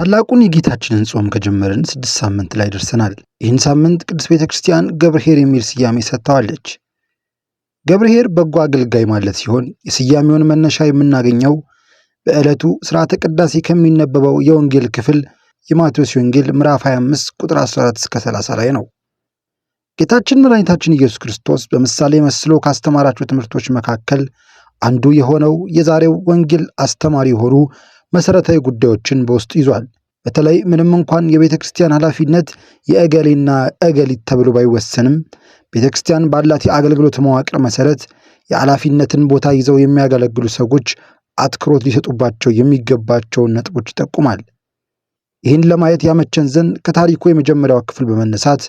ታላቁን የጌታችንን ጾም ከጀመርን ስድስት ሳምንት ላይ ደርሰናል። ይህን ሳምንት ቅድስት ቤተ ክርስቲያን ገብርሄር የሚል ስያሜ ሰጥተዋለች። ገብርሄር በጎ አገልጋይ ማለት ሲሆን የስያሜውን መነሻ የምናገኘው በዕለቱ ስርዓተ ቅዳሴ ከሚነበበው የወንጌል ክፍል የማቴዎስ ወንጌል ምዕራፍ 25 ቁጥር 14 እስከ 30 ላይ ነው። ጌታችን መድኃኒታችን ኢየሱስ ክርስቶስ በምሳሌ መስሎ ካስተማራቸው ትምህርቶች መካከል አንዱ የሆነው የዛሬው ወንጌል አስተማሪ የሆኑ መሰረታዊ ጉዳዮችን በውስጡ ይዟል። በተለይ ምንም እንኳን የቤተ ክርስቲያን ኃላፊነት የእገሌና እገሊት ተብሎ ባይወሰንም ቤተ ክርስቲያን ባላት የአገልግሎት መዋቅር መሰረት የኃላፊነትን ቦታ ይዘው የሚያገለግሉ ሰዎች አትኩሮት ሊሰጡባቸው የሚገባቸውን ነጥቦች ይጠቁማል። ይህን ለማየት ያመቸን ዘንድ ከታሪኩ የመጀመሪያው ክፍል በመነሳት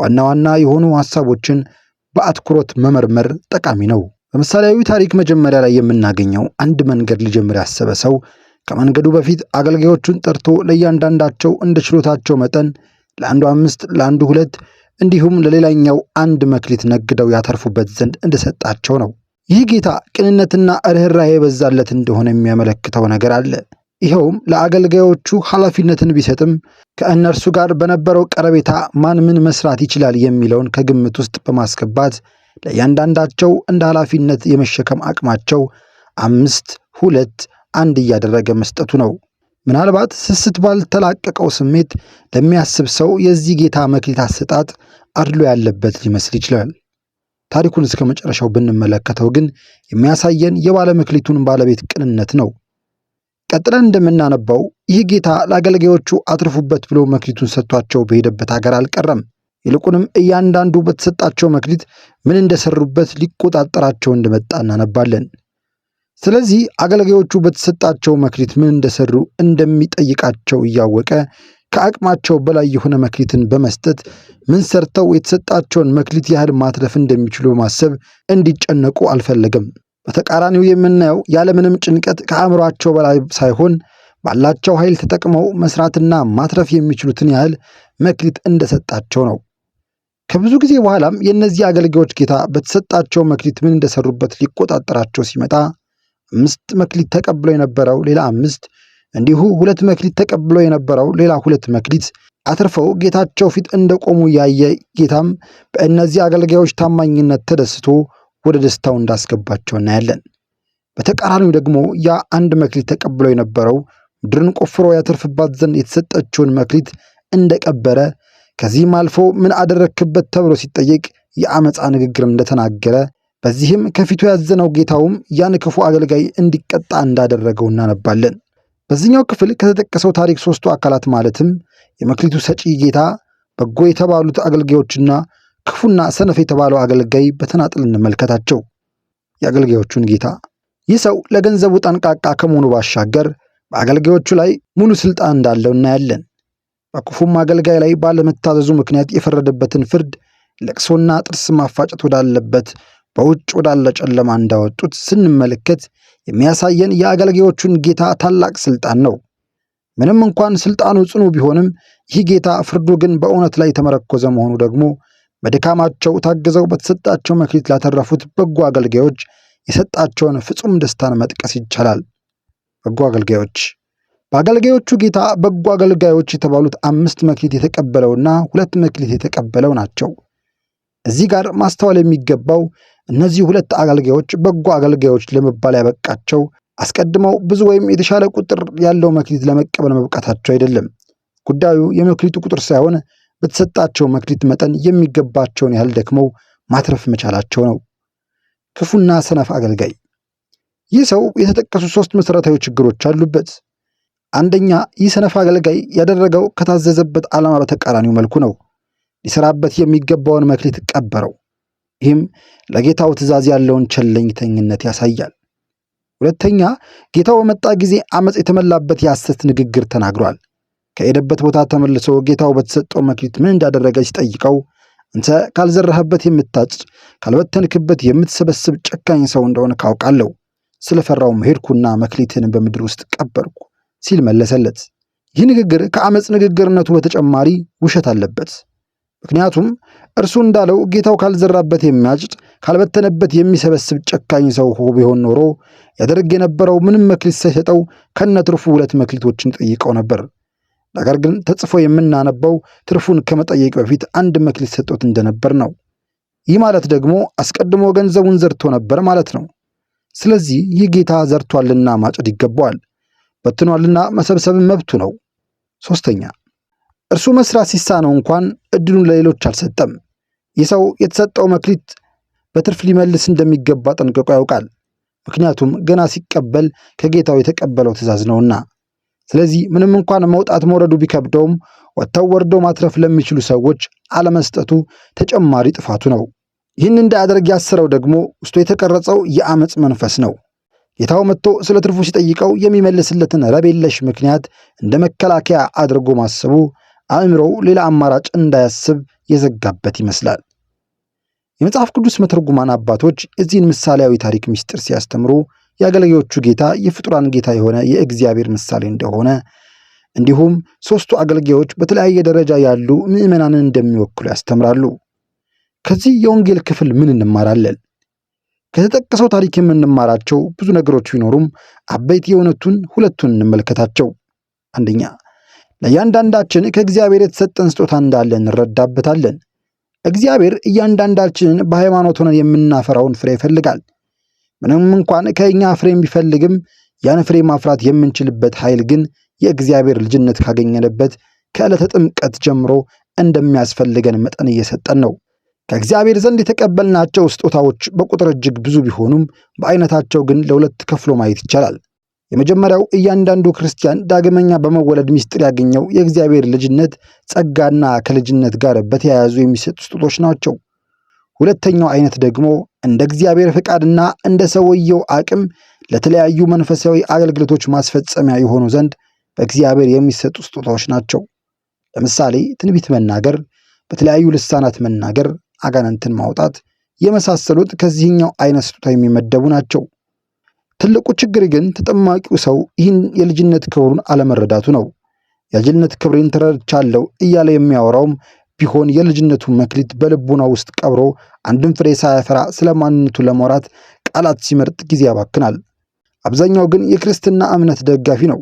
ዋና ዋና የሆኑ ሐሳቦችን በአትኩሮት መመርመር ጠቃሚ ነው። በምሳሌያዊ ታሪክ መጀመሪያ ላይ የምናገኘው አንድ መንገድ ሊጀምር ያሰበ ሰው ከመንገዱ በፊት አገልጋዮቹን ጠርቶ ለእያንዳንዳቸው እንደ ችሎታቸው መጠን ለአንዱ አምስት፣ ለአንዱ ሁለት እንዲሁም ለሌላኛው አንድ መክሊት ነግደው ያተርፉበት ዘንድ እንደሰጣቸው ነው። ይህ ጌታ ቅንነትና ርኅራኄ የበዛለት እንደሆነ የሚያመለክተው ነገር አለ። ይኸውም ለአገልጋዮቹ ኃላፊነትን ቢሰጥም ከእነርሱ ጋር በነበረው ቀረቤታ ማን ምን መስራት ይችላል የሚለውን ከግምት ውስጥ በማስገባት ለእያንዳንዳቸው እንደ ኃላፊነት የመሸከም አቅማቸው አምስት ሁለት አንድ እያደረገ መስጠቱ ነው። ምናልባት ስስት ባልተላቀቀው ስሜት ለሚያስብ ሰው የዚህ ጌታ መክሊት አሰጣጥ አድሎ ያለበት ሊመስል ይችላል። ታሪኩን እስከ መጨረሻው ብንመለከተው ግን የሚያሳየን የባለመክሊቱን ባለቤት ቅንነት ነው። ቀጥለን እንደምናነባው ይህ ጌታ ለአገልጋዮቹ አትርፉበት ብሎ መክሊቱን ሰጥቷቸው በሄደበት ሀገር አልቀረም። ይልቁንም እያንዳንዱ በተሰጣቸው መክሊት ምን እንደሰሩበት ሊቆጣጠራቸው እንደመጣ እናነባለን። ስለዚህ አገልጋዮቹ በተሰጣቸው መክሊት ምን እንደሰሩ እንደሚጠይቃቸው እያወቀ ከአቅማቸው በላይ የሆነ መክሊትን በመስጠት ምን ሰርተው የተሰጣቸውን መክሊት ያህል ማትረፍ እንደሚችሉ በማሰብ እንዲጨነቁ አልፈለግም። በተቃራኒው የምናየው ያለምንም ጭንቀት ከአእምሯቸው በላይ ሳይሆን ባላቸው ኃይል ተጠቅመው መስራትና ማትረፍ የሚችሉትን ያህል መክሊት እንደሰጣቸው ነው። ከብዙ ጊዜ በኋላም የእነዚህ አገልጋዮች ጌታ በተሰጣቸው መክሊት ምን እንደሰሩበት ሊቆጣጠራቸው ሲመጣ አምስት መክሊት ተቀብሎ የነበረው ሌላ አምስት እንዲሁ ሁለት መክሊት ተቀብሎ የነበረው ሌላ ሁለት መክሊት አትርፈው ጌታቸው ፊት እንደቆሙ ያየ ጌታም በእነዚህ አገልጋዮች ታማኝነት ተደስቶ ወደ ደስታው እንዳስገባቸው እናያለን። በተቃራኒው ደግሞ ያ አንድ መክሊት ተቀብሎ የነበረው ምድርን ቆፍሮ ያተርፍባት ዘንድ የተሰጠችውን መክሊት እንደቀበረ ከዚህም አልፎ ምን አደረክበት ተብሎ ሲጠየቅ የአመፃ ንግግር እንደተናገረ በዚህም ከፊቱ ያዘነው ጌታውም ያን ክፉ አገልጋይ እንዲቀጣ እንዳደረገው እናነባለን። በዚህኛው ክፍል ከተጠቀሰው ታሪክ ሶስቱ አካላት ማለትም የመክሊቱ ሰጪ ጌታ፣ በጎ የተባሉት አገልጋዮችና ክፉና ሰነፍ የተባለው አገልጋይ በተናጥል እንመልከታቸው። የአገልጋዮቹን ጌታ ይህ ሰው ለገንዘቡ ጠንቃቃ ከመሆኑ ባሻገር በአገልጋዮቹ ላይ ሙሉ ስልጣን እንዳለው እናያለን። በክፉም አገልጋይ ላይ ባለመታዘዙ ምክንያት የፈረደበትን ፍርድ ለቅሶና ጥርስ ማፋጨት ወዳለበት በውጭ ወዳለ ጨለማ እንዳወጡት ስንመለከት የሚያሳየን የአገልጋዮቹን ጌታ ታላቅ ስልጣን ነው። ምንም እንኳን ስልጣኑ ጽኑ ቢሆንም ይህ ጌታ ፍርዱ ግን በእውነት ላይ የተመረኮዘ መሆኑ ደግሞ በድካማቸው ታግዘው በተሰጣቸው መክሊት ላተረፉት በጎ አገልጋዮች የሰጣቸውን ፍጹም ደስታን መጥቀስ ይቻላል። በጎ አገልጋዮች በአገልጋዮቹ ጌታ በጎ አገልጋዮች የተባሉት አምስት መክሊት የተቀበለውና ሁለት መክሊት የተቀበለው ናቸው። እዚህ ጋር ማስተዋል የሚገባው እነዚህ ሁለት አገልጋዮች በጎ አገልጋዮች ለመባል ያበቃቸው አስቀድመው ብዙ ወይም የተሻለ ቁጥር ያለው መክሊት ለመቀበል መብቃታቸው አይደለም። ጉዳዩ የመክሊቱ ቁጥር ሳይሆን በተሰጣቸው መክሊት መጠን የሚገባቸውን ያህል ደክመው ማትረፍ መቻላቸው ነው። ክፉና ሰነፍ አገልጋይ። ይህ ሰው የተጠቀሱ ሶስት መሠረታዊ ችግሮች አሉበት። አንደኛ፣ ይህ ሰነፍ አገልጋይ ያደረገው ከታዘዘበት ዓላማ በተቃራኒው መልኩ ነው። ሊሰራበት የሚገባውን መክሊት ቀበረው። ይህም ለጌታው ትእዛዝ ያለውን ቸለኝተኝነት ያሳያል። ሁለተኛ ጌታው በመጣ ጊዜ አመፅ የተመላበት የሐሰት ንግግር ተናግሯል። ከሄደበት ቦታ ተመልሶ ጌታው በተሰጠው መክሊት ምን እንዳደረገ ሲጠይቀው አንተ ካልዘራህበት የምታጭ ካልበተንክበት የምትሰበስብ ጨካኝ ሰው እንደሆነ ካውቃለሁ፣ ስለፈራውም ሄድኩና መክሊትን በምድር ውስጥ ቀበርኩ ሲል መለሰለት። ይህ ንግግር ከአመፅ ንግግርነቱ በተጨማሪ ውሸት አለበት። ምክንያቱም እርሱ እንዳለው ጌታው ካልዘራበት የሚያጭድ ካልበተነበት የሚሰበስብ ጨካኝ ሰው ቢሆን ኖሮ ያደርግ የነበረው ምንም መክሊት ሳይሰጠው ከነትርፉ ሁለት መክሊቶችን ጠይቀው ነበር። ነገር ግን ተጽፎ የምናነባው ትርፉን ከመጠየቅ በፊት አንድ መክሊት ሰጦት እንደነበር ነው። ይህ ማለት ደግሞ አስቀድሞ ገንዘቡን ዘርቶ ነበር ማለት ነው። ስለዚህ ይህ ጌታ ዘርቷልና ማጨድ ይገባዋል፣ በትኗልና መሰብሰብ መብቱ ነው። ሶስተኛ እርሱ መስራት ሲሳነው እንኳን እድሉን ለሌሎች አልሰጠም። ይህ ሰው የተሰጠው መክሊት በትርፍ ሊመልስ እንደሚገባ ጠንቅቆ ያውቃል። ምክንያቱም ገና ሲቀበል ከጌታው የተቀበለው ትእዛዝ ነውና። ስለዚህ ምንም እንኳን መውጣት መውረዱ ቢከብደውም ወጥተው ወርደው ማትረፍ ለሚችሉ ሰዎች አለመስጠቱ ተጨማሪ ጥፋቱ ነው። ይህን እንዳያደርግ ያሰረው ደግሞ ውስጡ የተቀረጸው የአመፅ መንፈስ ነው። ጌታው መጥቶ ስለ ትርፉ ሲጠይቀው የሚመልስለትን ረቤለሽ ምክንያት እንደ መከላከያ አድርጎ ማሰቡ አእምሮው ሌላ አማራጭ እንዳያስብ የዘጋበት ይመስላል። የመጽሐፍ ቅዱስ መተርጉማን አባቶች እዚህን ምሳሌያዊ ታሪክ ምስጢር ሲያስተምሩ የአገልጋዮቹ ጌታ የፍጡራን ጌታ የሆነ የእግዚአብሔር ምሳሌ እንደሆነ እንዲሁም ሦስቱ አገልጋዮች በተለያየ ደረጃ ያሉ ምዕመናንን እንደሚወክሉ ያስተምራሉ። ከዚህ የወንጌል ክፍል ምን እንማራለን? ከተጠቀሰው ታሪክ የምንማራቸው ብዙ ነገሮች ቢኖሩም አበይት የእውነቱን ሁለቱን እንመልከታቸው። አንደኛ ለእያንዳንዳችን ከእግዚአብሔር የተሰጠን ስጦታ እንዳለ እንረዳበታለን። እግዚአብሔር እያንዳንዳችንን በሃይማኖት ሆነን የምናፈራውን ፍሬ ይፈልጋል። ምንም እንኳን ከእኛ ፍሬም ቢፈልግም ያን ፍሬ ማፍራት የምንችልበት ኃይል ግን የእግዚአብሔር ልጅነት ካገኘንበት ከዕለተ ጥምቀት ጀምሮ እንደሚያስፈልገን መጠን እየሰጠን ነው። ከእግዚአብሔር ዘንድ የተቀበልናቸው ስጦታዎች በቁጥር እጅግ ብዙ ቢሆኑም በአይነታቸው ግን ለሁለት ከፍሎ ማየት ይቻላል። የመጀመሪያው እያንዳንዱ ክርስቲያን ዳግመኛ በመወለድ ምስጢር ያገኘው የእግዚአብሔር ልጅነት ጸጋና ከልጅነት ጋር በተያያዙ የሚሰጡ ስጦቶች ናቸው። ሁለተኛው አይነት ደግሞ እንደ እግዚአብሔር ፈቃድና እንደ ሰውየው አቅም ለተለያዩ መንፈሳዊ አገልግሎቶች ማስፈጸሚያ የሆኑ ዘንድ በእግዚአብሔር የሚሰጡ ስጦታዎች ናቸው። ለምሳሌ ትንቢት መናገር፣ በተለያዩ ልሳናት መናገር፣ አጋንንትን ማውጣት የመሳሰሉት ከዚህኛው አይነት ስጦታ የሚመደቡ ናቸው። ትልቁ ችግር ግን ተጠማቂው ሰው ይህን የልጅነት ክብሩን አለመረዳቱ ነው። የልጅነት ክብሬን ተረድቻለሁ እያለ የሚያወራውም ቢሆን የልጅነቱ መክሊት በልቡና ውስጥ ቀብሮ አንድም ፍሬ ሳያፈራ ስለ ማንነቱ ለማውራት ቃላት ሲመርጥ ጊዜ ያባክናል። አብዛኛው ግን የክርስትና እምነት ደጋፊ ነው።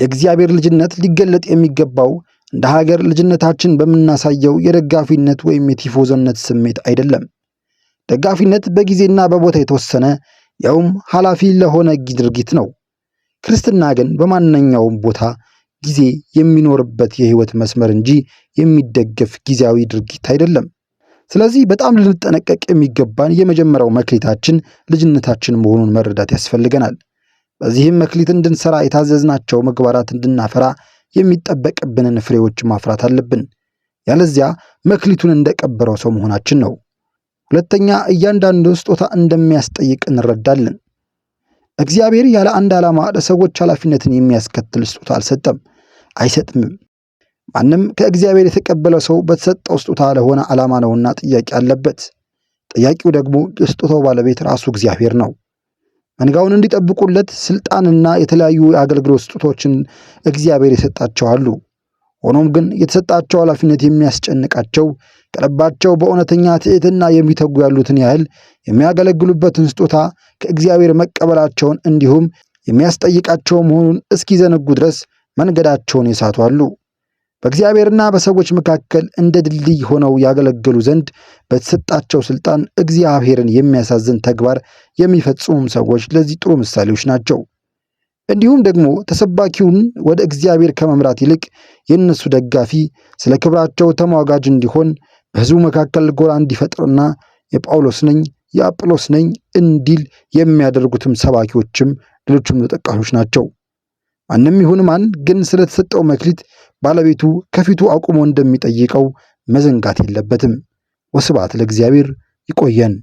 የእግዚአብሔር ልጅነት ሊገለጥ የሚገባው እንደ ሀገር ልጅነታችን በምናሳየው የደጋፊነት ወይም የቲፎዘነት ስሜት አይደለም። ደጋፊነት በጊዜና በቦታ የተወሰነ ያውም ኃላፊ ለሆነ ድርጊት ነው። ክርስትና ግን በማንኛውም ቦታ ጊዜ የሚኖርበት የህይወት መስመር እንጂ የሚደገፍ ጊዜያዊ ድርጊት አይደለም። ስለዚህ በጣም ልንጠነቀቅ የሚገባን የመጀመሪያው መክሊታችን ልጅነታችን መሆኑን መረዳት ያስፈልገናል። በዚህም መክሊት እንድንሰራ የታዘዝናቸው ምግባራት እንድናፈራ የሚጠበቅብንን ፍሬዎች ማፍራት አለብን። ያለዚያ መክሊቱን እንደቀበረው ሰው መሆናችን ነው። ሁለተኛ እያንዳንዱ ስጦታ እንደሚያስጠይቅ እንረዳለን። እግዚአብሔር ያለ አንድ ዓላማ ለሰዎች ኃላፊነትን የሚያስከትል ስጦታ አልሰጠም፣ አይሰጥምም። ማንም ከእግዚአብሔር የተቀበለ ሰው በተሰጠው ስጦታ ለሆነ ዓላማ ነውና ጥያቄ አለበት። ጥያቄው ደግሞ የስጦታው ባለቤት ራሱ እግዚአብሔር ነው። መንጋውን እንዲጠብቁለት ስልጣንና የተለያዩ የአገልግሎት ስጦታዎችን እግዚአብሔር የሰጣቸው አሉ። ሆኖም ግን የተሰጣቸው ኃላፊነት የሚያስጨንቃቸው ከልባቸው በእውነተኛ ትዕትና የሚተጉ ያሉትን ያህል የሚያገለግሉበትን ስጦታ ከእግዚአብሔር መቀበላቸውን እንዲሁም የሚያስጠይቃቸው መሆኑን እስኪዘነጉ ድረስ መንገዳቸውን የሳቱ አሉ። በእግዚአብሔርና በሰዎች መካከል እንደ ድልድይ ሆነው ያገለገሉ ዘንድ በተሰጣቸው ሥልጣን እግዚአብሔርን የሚያሳዝን ተግባር የሚፈጽሙም ሰዎች ለዚህ ጥሩ ምሳሌዎች ናቸው። እንዲሁም ደግሞ ተሰባኪውን ወደ እግዚአብሔር ከመምራት ይልቅ የእነሱ ደጋፊ ስለ ክብራቸው ተሟጋጅ እንዲሆን በሕዝቡ መካከል ጎራ እንዲፈጥርና የጳውሎስ ነኝ የአጵሎስ ነኝ እንዲል የሚያደርጉትም ሰባኪዎችም ሌሎችም ተጠቃሾች ናቸው። ማንም ይሁን ማን ግን ስለተሰጠው መክሊት ባለቤቱ ከፊቱ አቁሞ እንደሚጠይቀው መዘንጋት የለበትም። ወስብሐት ለእግዚአብሔር። ይቆየን።